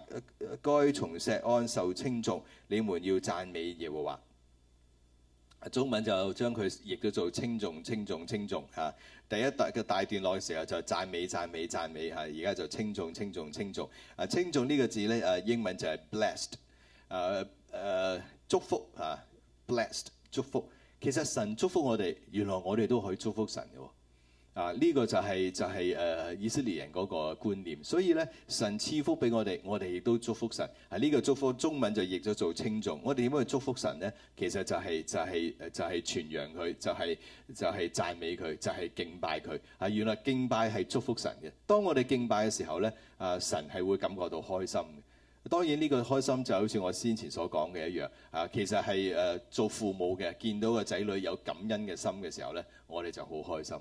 該從錫安受稱頌。你們要讚美耶和華。中文就將佢亦叫做稱頌、稱頌、稱頌。嚇、啊。第一大嘅大段落嘅時候就讚美、讚美、讚美嚇。而、啊、家就稱頌、稱頌、稱頌。啊，稱頌呢個字咧，誒、啊、英文就係 blessed。誒誒、uh, uh, 祝福啊、uh,，blessed 祝福。其實神祝福我哋，原來我哋都可以祝福神嘅、哦。啊，呢、這個就係、是、就係、是、誒、uh, 以色列人嗰個觀念。所以咧，神賜福俾我哋，我哋亦都祝福神。係、啊、呢、這個祝福，中文就譯咗做稱頌。我哋點樣去祝福神咧？其實就係就係就係傳揚佢，就係就係讚美佢，就係、是就是就是就是就是、敬拜佢。啊，原來敬拜係祝福神嘅。當我哋敬拜嘅時候咧，啊神係會感覺到開心。當然呢個開心就好似我先前所講嘅一樣，其實係做父母嘅見到個仔女有感恩嘅心嘅時候咧，我哋就好開心。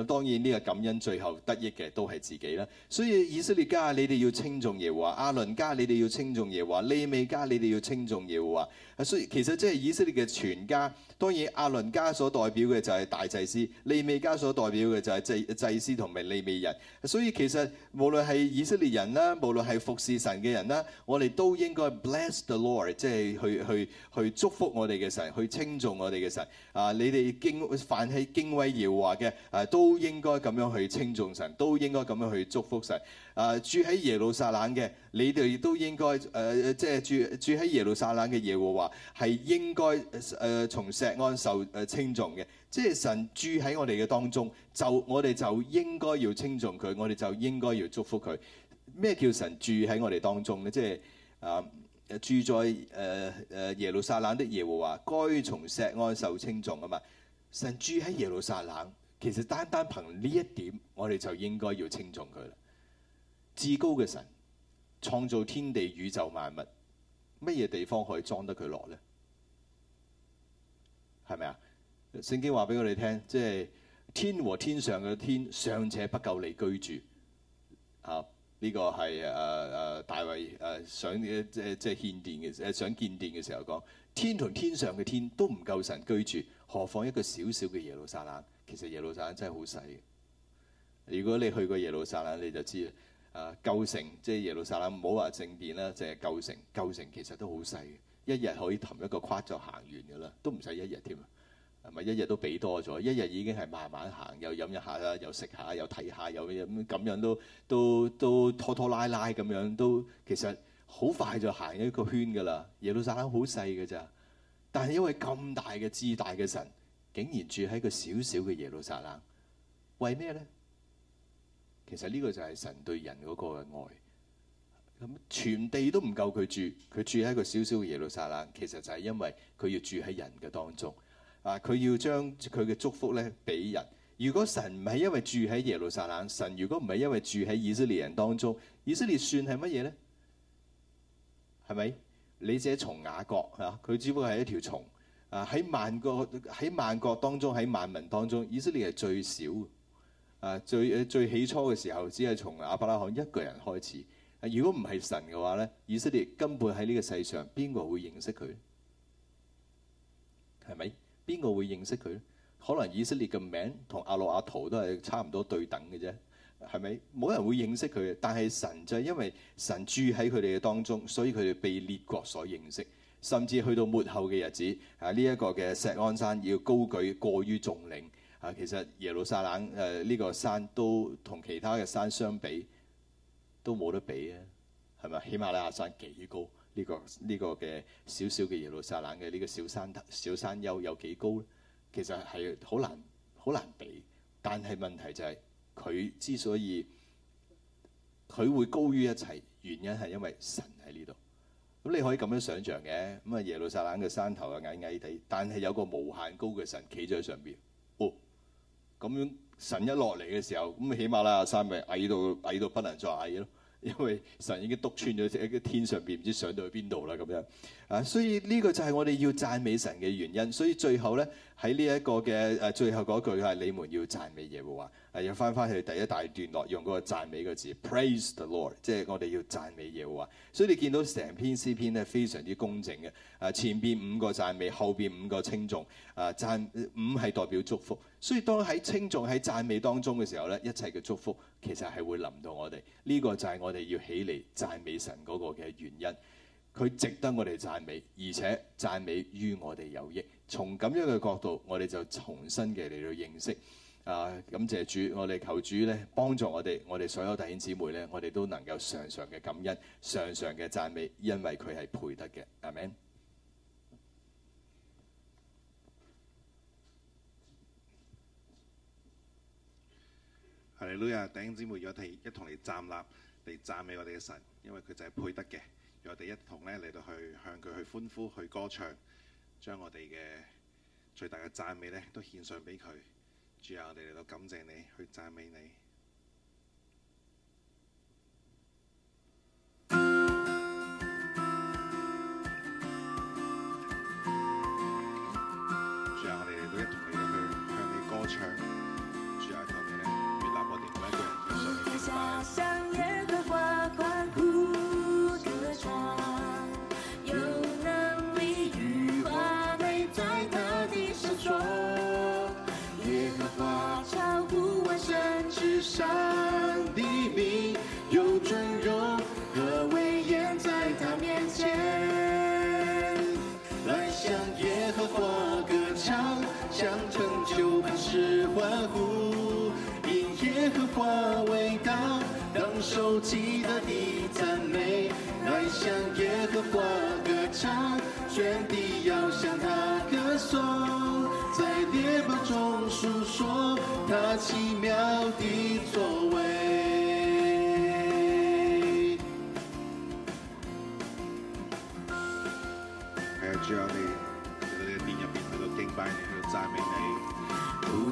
咁當然呢個感恩最後得益嘅都係自己啦。所以以色列家，你哋要稱頌耶和華；亞倫家，你哋要稱頌耶和華；利未家，你哋要稱頌耶和華。啊，所以其實即係以色列嘅全家。當然亞倫家所代表嘅就係大祭司，利未家所代表嘅就係祭祭司同埋利未人。所以其實無論係以色列人啦，無論係服侍神嘅人啦，我哋都應該 bless the Lord，即係去去去祝福我哋嘅神，去稱頌我哋嘅神。啊，你哋敬凡係敬畏耶和華嘅，啊都，都應該咁樣去稱頌神，都應該咁樣去祝福神。誒、呃，住喺耶路撒冷嘅，你哋都應該誒，即、呃、係、就是、住住喺耶路撒冷嘅耶和華係應該誒、呃、從錫安受誒稱、呃、頌嘅。即係神住喺我哋嘅當中，就我哋就應該要稱頌佢，我哋就應該要祝福佢。咩叫神住喺我哋當中呢？即係誒、呃、住在誒誒、呃、耶路撒冷的耶和華，該從錫安受稱頌啊！嘛，神住喺耶路撒冷。其實單單憑呢一點，我哋就應該要輕重佢啦。至高嘅神創造天地宇宙萬物，乜嘢地方可以裝得佢落咧？係咪啊？聖經話俾我哋聽，即係天和天上嘅天尚且不夠你居住啊。呢、這個係誒誒大衛誒、呃、想、呃、即係即係獻殿嘅想建殿嘅時候講、呃，天同天上嘅天都唔夠神居住，何況一個小小嘅耶路撒冷？其實耶路撒冷真係好細嘅。如果你去過耶路撒冷，你就知啊，舊城即係、就是、耶路撒冷，唔好話政變啦，淨係舊城，舊城其實都好細嘅，一日可以氹一個框就行完㗎啦，都唔使一日添啊，係咪一日都俾多咗？一日已經係慢慢行，又飲一下啦，又食下，又睇下，又咁樣都都都都拖拖拉拉咁樣都，其實好快就行一個圈㗎啦。耶路撒冷好細㗎咋，但係因為咁大嘅至大嘅神。竟然住喺個小小嘅耶路撒冷，為咩呢？其實呢個就係神對人嗰個愛，咁全地都唔夠佢住，佢住喺個小小嘅耶路撒冷，其實就係因為佢要住喺人嘅當中啊！佢要將佢嘅祝福咧俾人。如果神唔係因為住喺耶路撒冷，神如果唔係因為住喺以色列人當中，以色列算係乜嘢呢？係咪？你隻蟲雅各吓，佢、啊、只不過係一條蟲。啊！喺萬國喺萬國當中，喺萬民當中，以色列係最少。啊！最最起初嘅時候，只係從阿伯拉罕一個人開始。啊！如果唔係神嘅話咧，以色列根本喺呢個世上，邊個會認識佢？係咪？邊個會認識佢咧？可能以色列嘅名同瓦努阿圖都係差唔多對等嘅啫。係咪？冇人會認識佢。但係神就係因為神住喺佢哋嘅當中，所以佢哋被列國所認識。甚至去到末後嘅日子，啊呢一、這個嘅錫安山要高舉過於眾嶺，啊其實耶路撒冷誒呢、啊這個山都同其他嘅山相比都冇得比啊，係咪？喜馬拉雅山幾高？呢、這個呢、這個嘅小小嘅耶路撒冷嘅呢、這個小山小山丘有幾高咧？其實係好難好難比，但係問題就係、是、佢之所以佢會高於一切，原因係因為神喺呢度。咁你可以咁樣想像嘅，咁啊耶路撒冷嘅山頭啊矮矮地，但係有個無限高嘅神企咗喺上邊，哦，咁樣神一落嚟嘅時候，咁喜馬拉雅山咪矮到矮到不能再矮咯，因為神已經督穿咗喺個天上邊唔知上到去邊度啦咁樣。啊，所以呢個就係我哋要讚美神嘅原因。所以最後呢，喺呢一個嘅誒、啊、最後嗰句係你們要讚美耶和華。又翻返去第一大段落，用嗰個讚美嘅字 Praise the Lord，即係、就是、我哋要讚美耶和華。所以你見到成篇詩篇呢，非常之工整嘅。誒、啊，前邊五個讚美，後邊五個稱頌，誒、啊，讚五係代表祝福。所以當喺稱頌、喺讚美當中嘅時候呢，一切嘅祝福其實係會臨到我哋。呢、這個就係我哋要起嚟讚美神嗰個嘅原因。佢值得我哋讚美，而且讚美於我哋有益。從咁樣嘅角度，我哋就重新嘅嚟到認識。啊，感謝主，我哋求主咧幫助我哋，我哋所有弟兄姊妹咧，我哋都能夠常常嘅感恩，常常嘅讚美，因為佢係配得嘅，阿們。哈利路亞，弟兄姊妹，若係一同嚟站立嚟讚美我哋嘅神，因為佢就係配得嘅。我哋一同咧嚟到去向佢去歡呼、去歌唱，將我哋嘅最大嘅讚美咧都獻上俾佢。最後我哋嚟到感謝你，去讚美你。最後我哋嚟到一同嚟到去向你歌唱。最後我哋咧要立保定安全，要實現理想。是歡呼，因耶和華偉大，當手記得的讚美，來向耶和華歌唱，全地要向他歌頌，在列邦中述說他奇妙的作為。.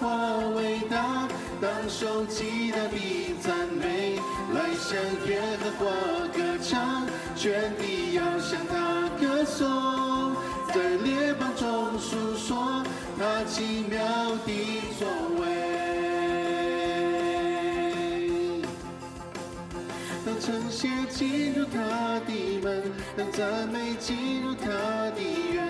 祂偉大，當受極大的讚美，來向耶和華歌唱，全地要向他歌頌，在列邦中述說他奇妙的作為。當稱謝進入他的門，當讚美進入他的院。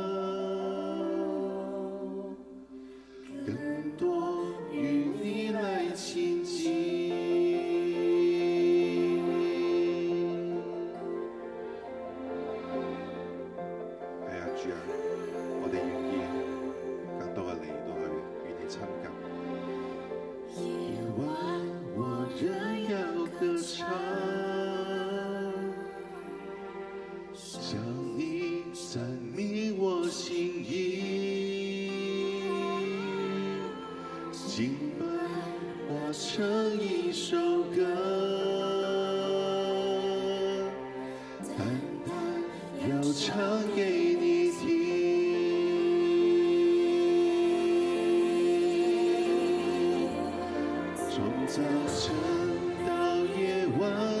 已經把我唱成一首歌，淡淡要唱給你聽，從早晨到夜晚。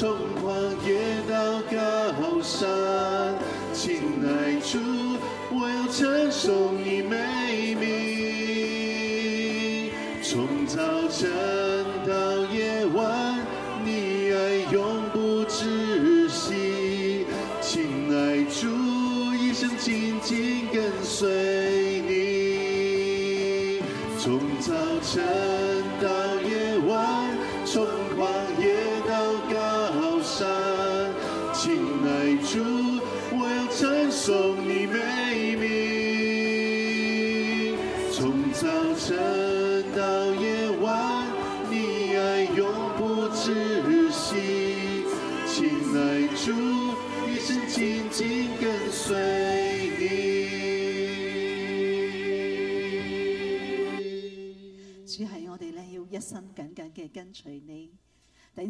從荒野到高山，親愛主，我要承受你美名，創造這。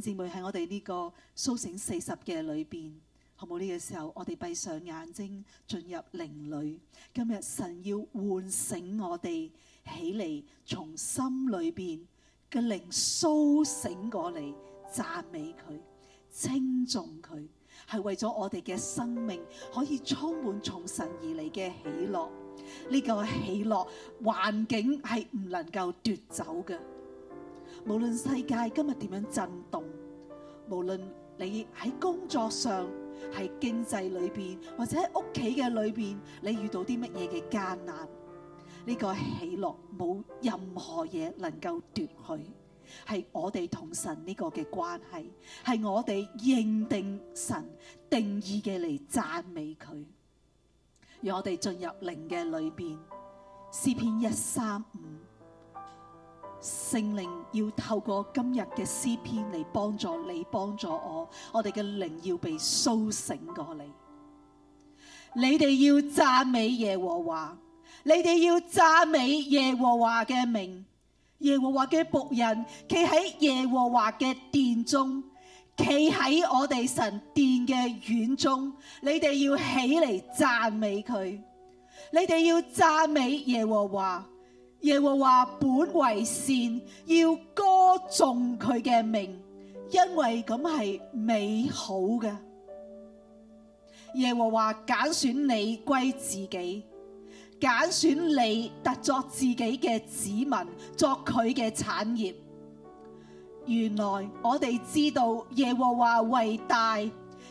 姊妹，喺我哋呢個蘇醒四十嘅裏邊，好冇呢個時候，我哋閉上眼睛進入靈裏。今日神要喚醒我哋起嚟，從心裏邊嘅靈蘇醒過嚟，讚美佢，稱頌佢，係為咗我哋嘅生命可以充滿從神而嚟嘅喜樂。呢個喜樂環境係唔能夠奪走嘅。無論世界今日點樣震動，無論你喺工作上、喺經濟裏邊或者喺屋企嘅裏邊，你遇到啲乜嘢嘅艱難，呢個喜樂冇任何嘢能夠奪去，係我哋同神呢個嘅關係，係我哋認定神定義嘅嚟讚美佢。讓我哋進入靈嘅裏邊，詩篇一三五。聖靈要透過今日嘅詩篇嚟幫助你，幫助我。我哋嘅靈要被甦醒過嚟。你哋要讚美耶和華，你哋要讚美耶和華嘅名。耶和華嘅僕人，企喺耶和華嘅殿中，企喺我哋神殿嘅院中。你哋要起嚟讚美佢，你哋要讚美耶和華。耶和華本為善，要歌頌佢嘅名，因為咁係美好嘅。耶和華揀選你歸自己，揀選你特作自己嘅子民，作佢嘅產業。原來我哋知道耶和華為大，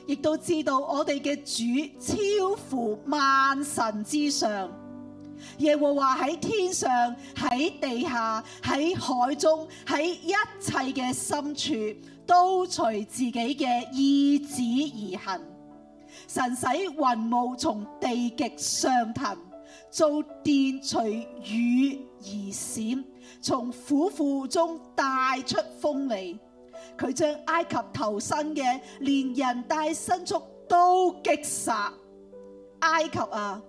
亦都知道我哋嘅主超乎萬神之上。耶和華喺天上、喺地下、喺海中、喺一切嘅深處，都隨自己嘅意旨而行。神使雲霧從地極上騰，造電隨雨而閃，從府庫中帶出風來。佢將埃及頭生嘅連人帶牲畜都擊殺。埃及啊！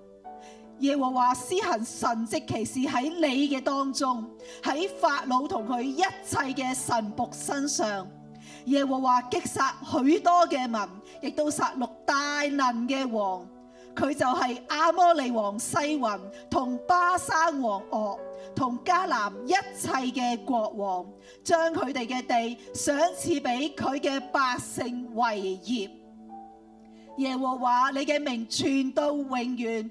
耶和華施行神迹奇事喺你嘅當中，喺法老同佢一切嘅神僕身上。耶和華擊殺許多嘅民，亦都殺戮大能嘅王。佢就係阿摩利王西云同巴山王噩同迦南一切嘅國王，將佢哋嘅地賞賜俾佢嘅百姓為業。耶和華，你嘅名傳到永遠。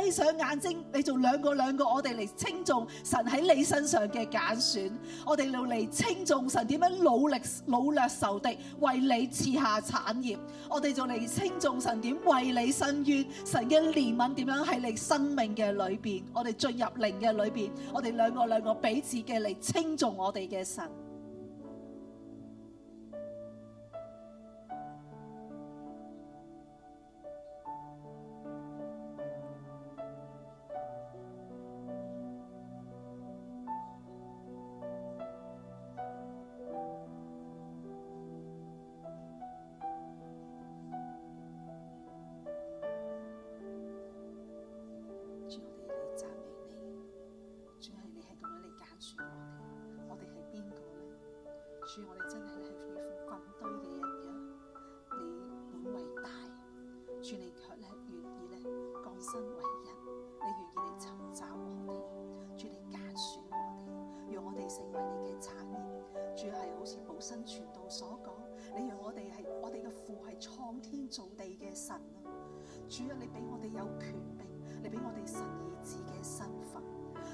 閉上眼睛，你做兩個兩個，我哋嚟稱頌神喺你身上嘅揀選，我哋要嚟稱頌神點樣努力努力仇敵為你賜下產業，我哋就嚟稱頌神點為你伸冤，神嘅憐憫點樣喺你生命嘅裏邊，我哋進入靈嘅裏邊，我哋兩個兩個彼此嘅嚟稱頌我哋嘅神。主啊，你俾我哋有權柄，你俾我哋神兒子嘅身份。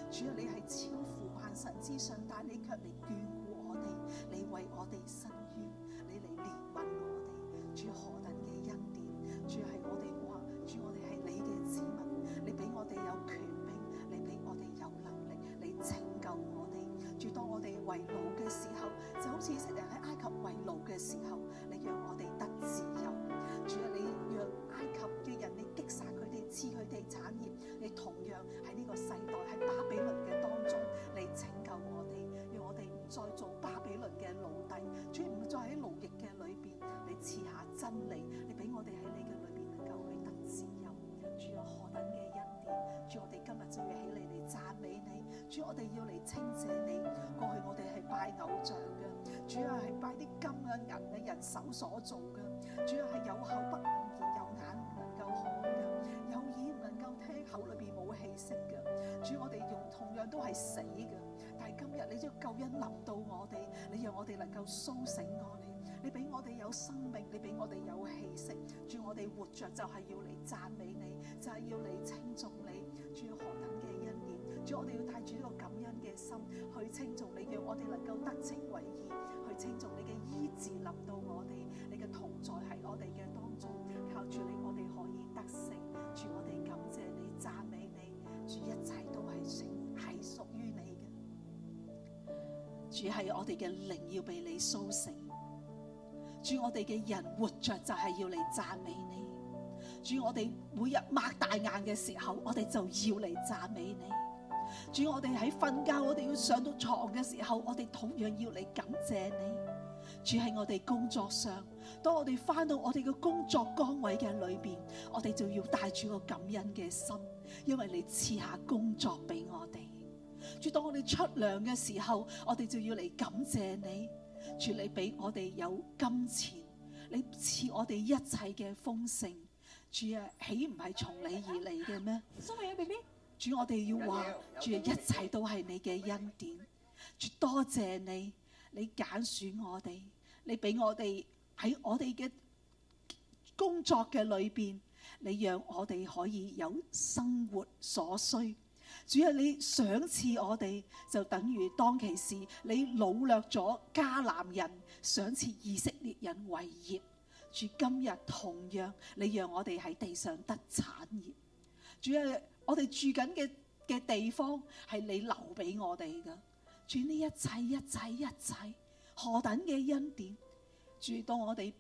主啊，你係超乎萬神之上，但你卻嚟眷顧我哋，你為我哋伸冤，你嚟憐憫我哋。主何等嘅恩典！主係我哋話，主我哋係你嘅子民。你俾我哋有權柄，你俾我哋有能力，你拯救我哋。主當我哋為奴嘅時候，就好似昔日喺埃及為奴嘅時候，你讓我哋。我哋要嚟稱謝你。過去我哋係拜偶像嘅，主要係拜啲金啊銀啊人手所做嘅，主要係有口不能言，有眼唔能夠看嘅，有耳唔能夠聽，口裏邊冇氣息嘅。主，我哋用同樣都係死嘅。但係今日你將救恩臨到我哋，你讓我哋能夠蘇醒我哋，你俾我哋有生命，你俾我哋有氣息。主，我哋活着就係要嚟讚美你，就係要嚟稱頌。主，我哋要帶住呢個感恩嘅心去稱頌你，嘅。我哋能夠得稱為義，去稱頌你嘅醫治臨到我哋，你嘅同在喺我哋嘅當中，靠住你，我哋可以得勝。主，我哋感謝你，讚美你，主，一切都係屬係屬於你嘅。主係我哋嘅靈要被你蘇醒，主，我哋嘅人活着就係要嚟讚美你。主，我哋每日擘大眼嘅時候，我哋就要嚟讚美你。主，我哋喺瞓覺，我哋要上到床嘅時候，我哋同樣要嚟感謝你。主喺我哋工作上，當我哋返到我哋嘅工作崗位嘅裏邊，我哋就要帶住個感恩嘅心，因為你賜下工作俾我哋。主，當我哋出糧嘅時候，我哋就要嚟感謝你。主，你俾我哋有金錢，你賜我哋一切嘅豐盛。主啊，豈唔係從你而嚟嘅咩？蘇美英，B B。喬主，我哋要話，主，一切都係你嘅恩典，主，多謝你，你揀選我哋，你俾我哋喺我哋嘅工作嘅裏邊，你讓我哋可以有生活所需。主啊，你賞賜我哋，就等於當其時你擄掠咗迦南人，賞賜以色列人為業。主，今日同樣，你讓我哋喺地上得產業。主啊。我哋住緊嘅嘅地方係你留俾我哋噶，主，呢一切一切一切何等嘅恩典，主，當到我哋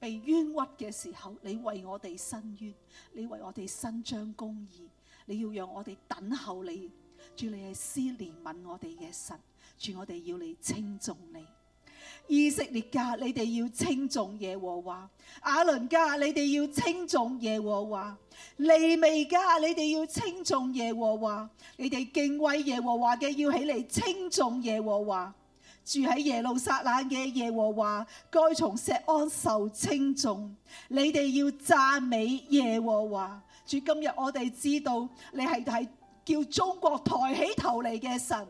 被冤屈嘅時候，你為我哋伸冤，你為我哋伸張公義，你要讓我哋等候你，主，你係施憐憫我哋嘅神，主，我哋要你稱頌你。以色列家，你哋要稱頌耶和華；亞倫家，你哋要稱頌耶和華；利未家，你哋要稱頌耶和華。你哋敬畏耶和華嘅，要起嚟稱頌耶和華。住喺耶路撒冷嘅耶和華，該從錫安受稱頌；你哋要讚美耶和華。主，今日我哋知道你，你係係叫中國抬起頭嚟嘅神。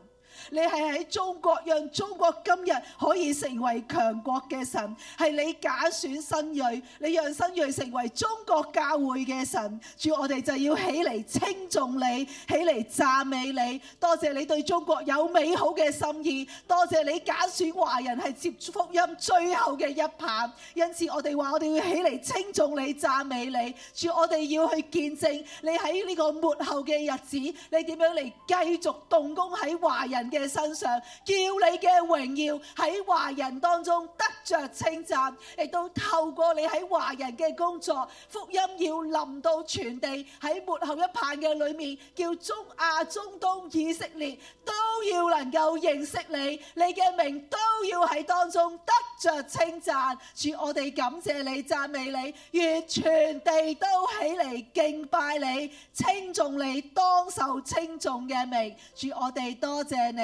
你係喺中國讓中國今日可以成為強國嘅神，係你揀選新銳，你讓新銳成為中國教會嘅神。主，我哋就要起嚟稱頌你，起嚟讚美你。多謝你對中國有美好嘅心意，多謝你揀選華人係接福音最後嘅一棒。因此我哋話我哋要起嚟稱頌你、讚美你。主，我哋要去見證你喺呢個末後嘅日子，你點樣嚟繼續動工喺華人嘅身上，叫你嘅榮耀喺華人當中得着稱讚，亦都透過你喺華人嘅工作，福音要臨到全地。喺末後一棒嘅裏面，叫中亞、中東、以色列都要能夠認識你，你嘅名都要喺當中得着稱讚。主，我哋感謝你，讚美你，願全地都起嚟敬拜你，稱頌你當受稱頌嘅名。主，我哋多謝你。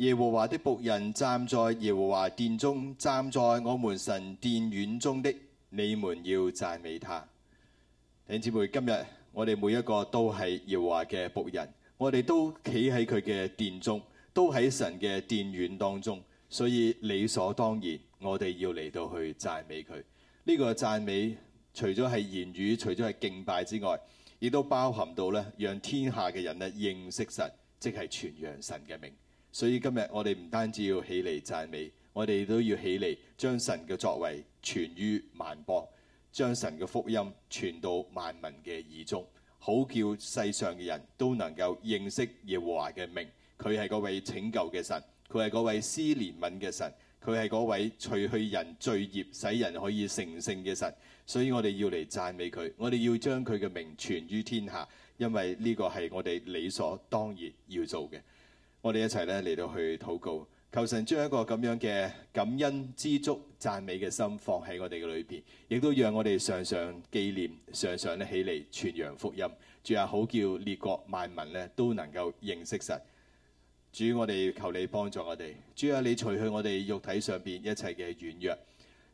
耶和華的僕人，站在耶和華殿中，站在我們神殿院中的你們要讚美他。弟兄姊妹，今日我哋每一個都係耶和華嘅僕人，我哋都企喺佢嘅殿中，都喺神嘅殿院當中，所以理所當然，我哋要嚟到去讚美佢。呢個讚美除咗係言語，除咗係敬拜之外，亦都包含到咧，讓天下嘅人咧認識神，即係傳揚神嘅名。所以今日我哋唔單止要起嚟讚美，我哋都要起嚟將神嘅作為傳於萬邦，將神嘅福音傳到萬民嘅耳中，好叫世上嘅人都能夠認識耶和華嘅名。佢係嗰位拯救嘅神，佢係嗰位施憐憫嘅神，佢係嗰位除去人罪孽使人可以成聖嘅神。所以我哋要嚟讚美佢，我哋要將佢嘅名傳於天下，因為呢個係我哋理所當然要做嘅。我哋一齊咧嚟到去禱告，求神將一個咁樣嘅感恩、知足、讚美嘅心放喺我哋嘅裏邊，亦都讓我哋常常紀念、常常咧起嚟傳揚福音。主啊，好叫列國萬民咧都能夠認識神。主，我哋求你幫助我哋。主啊，你除去我哋肉體上邊一切嘅軟弱。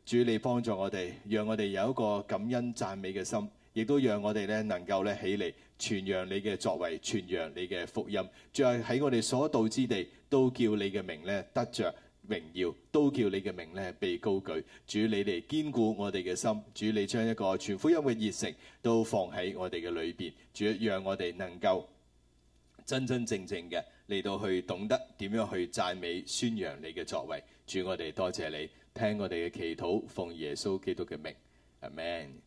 主，你幫助我哋，讓我哋有一個感恩讚美嘅心，亦都讓我哋咧能夠咧起嚟。傳揚你嘅作為，傳揚你嘅福音，再喺我哋所到之地，都叫你嘅名咧得着榮耀，都叫你嘅名咧被高舉。主，你嚟堅固我哋嘅心，主，你將一個傳福音嘅熱誠都放喺我哋嘅裏邊，主，讓我哋能夠真真正正嘅嚟到去懂得點樣去讚美宣揚你嘅作為。主，我哋多謝你，聽我哋嘅祈禱，奉耶穌基督嘅名，阿門。